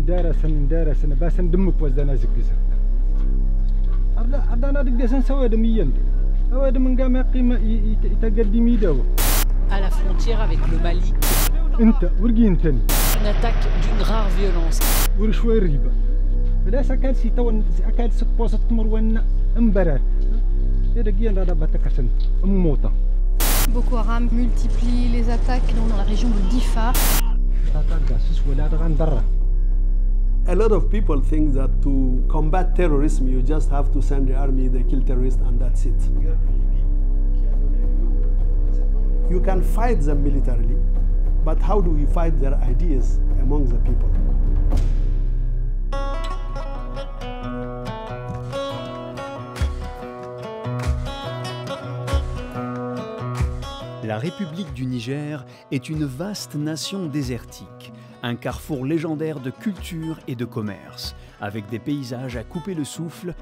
እንደረስን እንደረስን በስን ድምቅ ወዘነ ዝግዝ አብዳ አብዳና ድገሰን ሰው ወድም ይየም ሰው ወድም እንጋም ያቂመ ይተገድም ይደው à la frontière avec le Mali. انت ورقي انتني. Une attaque d'une rare violence. ورشوي ريبة. بلا سكال سي تو سكال سك بوسة تمر ونا امبرر. يرقي انا ربتك عشان موتا. Boko Haram multiplie les attaques dans la région de Difa. A lot of people think that to combat terrorism, you just have to send the army, they kill terrorists, and that's it. You can fight them militarily, but how do we fight their ideas among the people? La République du Niger est une vaste nation désertique un carrefour légendaire de culture et de commerce, avec des paysages à couper le souffle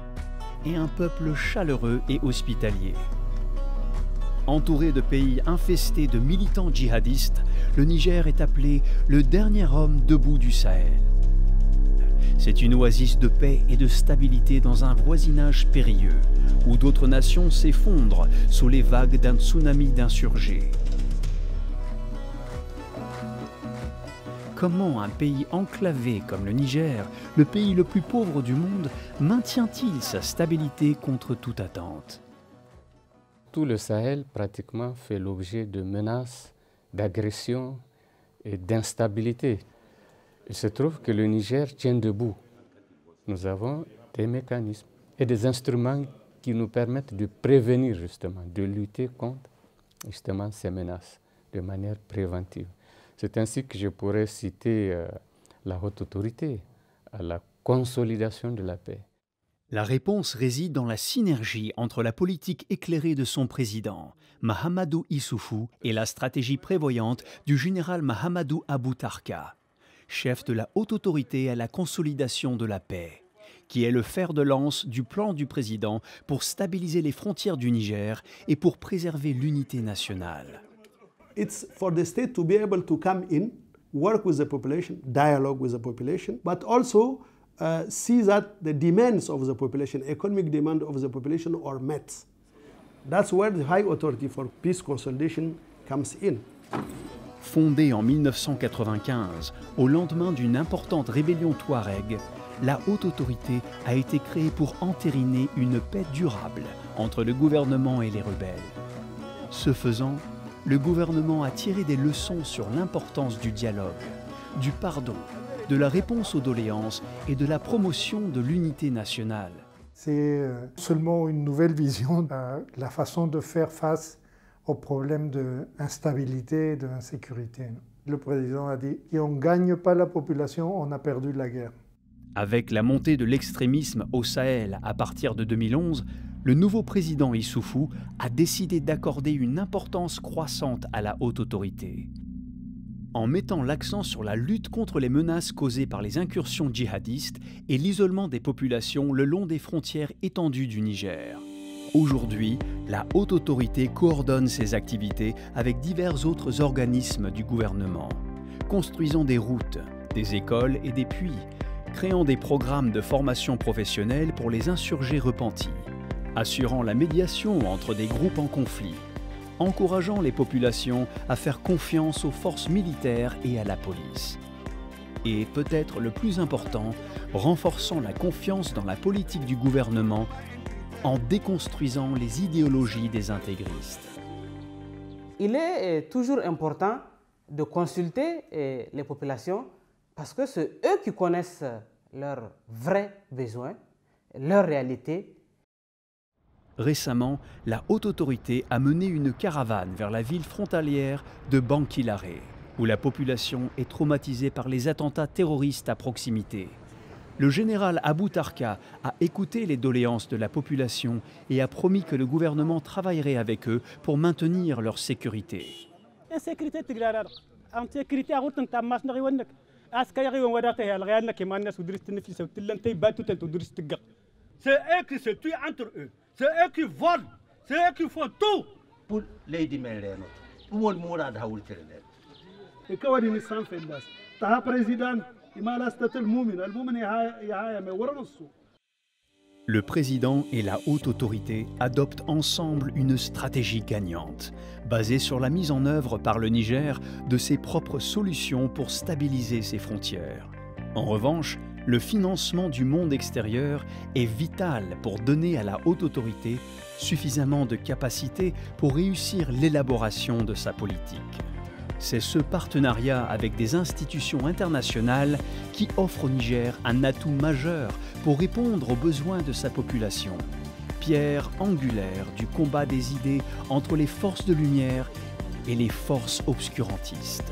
et un peuple chaleureux et hospitalier. Entouré de pays infestés de militants djihadistes, le Niger est appelé le dernier homme debout du Sahel. C'est une oasis de paix et de stabilité dans un voisinage périlleux, où d'autres nations s'effondrent sous les vagues d'un tsunami d'insurgés. Comment un pays enclavé comme le Niger, le pays le plus pauvre du monde, maintient-il sa stabilité contre toute attente Tout le Sahel pratiquement fait l'objet de menaces, d'agressions et d'instabilité. Il se trouve que le Niger tient debout. Nous avons des mécanismes et des instruments qui nous permettent de prévenir justement, de lutter contre justement ces menaces de manière préventive. C'est ainsi que je pourrais citer euh, la haute autorité à la consolidation de la paix. La réponse réside dans la synergie entre la politique éclairée de son président, Mahamadou Issoufou, et la stratégie prévoyante du général Mahamadou Tarka, chef de la haute autorité à la consolidation de la paix, qui est le fer de lance du plan du président pour stabiliser les frontières du Niger et pour préserver l'unité nationale. It's for the state to be able to come in, work with the population, dialogue with the population, but also uh, see that the demands of the population, economic demand of the population are met. That's where the High Authority for Peace Consolidation comes in. Fondée en 1995, au lendemain d'une importante rébellion touareg, la haute autorité a été créée pour entériner une paix durable entre le gouvernement et les rebelles. Ce faisant, le gouvernement a tiré des leçons sur l'importance du dialogue, du pardon, de la réponse aux doléances et de la promotion de l'unité nationale. C'est euh, seulement une nouvelle vision de la façon de faire face aux problèmes d'instabilité et d'insécurité. Le président a dit, si on ne gagne pas la population, on a perdu la guerre. Avec la montée de l'extrémisme au Sahel à partir de 2011, le nouveau président Issoufou a décidé d'accorder une importance croissante à la haute autorité. En mettant l'accent sur la lutte contre les menaces causées par les incursions djihadistes et l'isolement des populations le long des frontières étendues du Niger. Aujourd'hui, la haute autorité coordonne ses activités avec divers autres organismes du gouvernement, construisant des routes, des écoles et des puits créant des programmes de formation professionnelle pour les insurgés repentis, assurant la médiation entre des groupes en conflit, encourageant les populations à faire confiance aux forces militaires et à la police. Et peut-être le plus important, renforçant la confiance dans la politique du gouvernement en déconstruisant les idéologies des intégristes. Il est euh, toujours important de consulter euh, les populations parce que c'est eux qui connaissent leurs vrais besoins, leur réalité. Récemment, la haute autorité a mené une caravane vers la ville frontalière de Banquilaré, où la population est traumatisée par les attentats terroristes à proximité. Le général Abou Tarka a écouté les doléances de la population et a promis que le gouvernement travaillerait avec eux pour maintenir leur sécurité. اسكايغي وراتي الغيانا كيما الناس ودرست النفس وتلا انت باتو تلتو درست تقا سي اي كي سي توي انتر او سي اي كي فول سي اي كي فون تو بول ليدي ميلينو اول مراد هاول ترينات كواري نسان في الناس تها بريزيدان ما لا المؤمن المؤمن يهايا يهايا ما ورا نصو Le président et la haute autorité adoptent ensemble une stratégie gagnante, basée sur la mise en œuvre par le Niger de ses propres solutions pour stabiliser ses frontières. En revanche, le financement du monde extérieur est vital pour donner à la haute autorité suffisamment de capacités pour réussir l'élaboration de sa politique. C'est ce partenariat avec des institutions internationales qui offre au Niger un atout majeur pour répondre aux besoins de sa population, pierre angulaire du combat des idées entre les forces de lumière et les forces obscurantistes.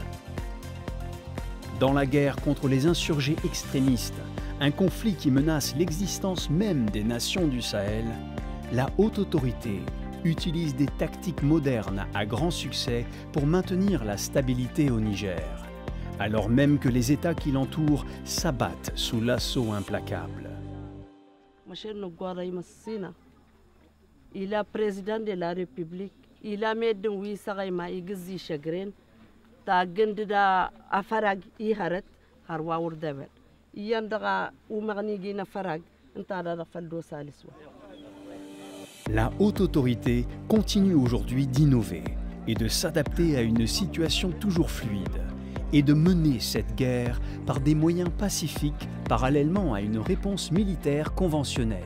Dans la guerre contre les insurgés extrémistes, un conflit qui menace l'existence même des nations du Sahel, la haute autorité utilise des tactiques modernes à grand succès pour maintenir la stabilité au Niger, alors même que les États qui l'entourent s'abattent sous l'assaut implacable mon cher Noguaray Sina, il est président de la République. Il a mis de oui, ça ma igzi chagrin. Ta gendida afarag i harat harwa urdaber. Yandaga umagni gina farag, entara rafaldo saliswa. La haute autorité continue aujourd'hui d'innover et de s'adapter à une situation toujours fluide et de mener cette guerre par des moyens pacifiques parallèlement à une réponse militaire conventionnelle.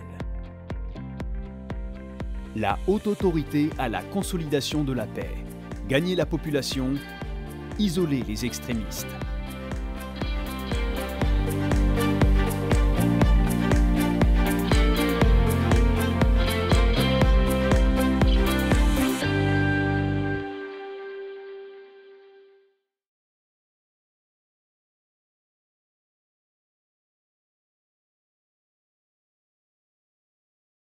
La haute autorité à la consolidation de la paix, gagner la population, isoler les extrémistes.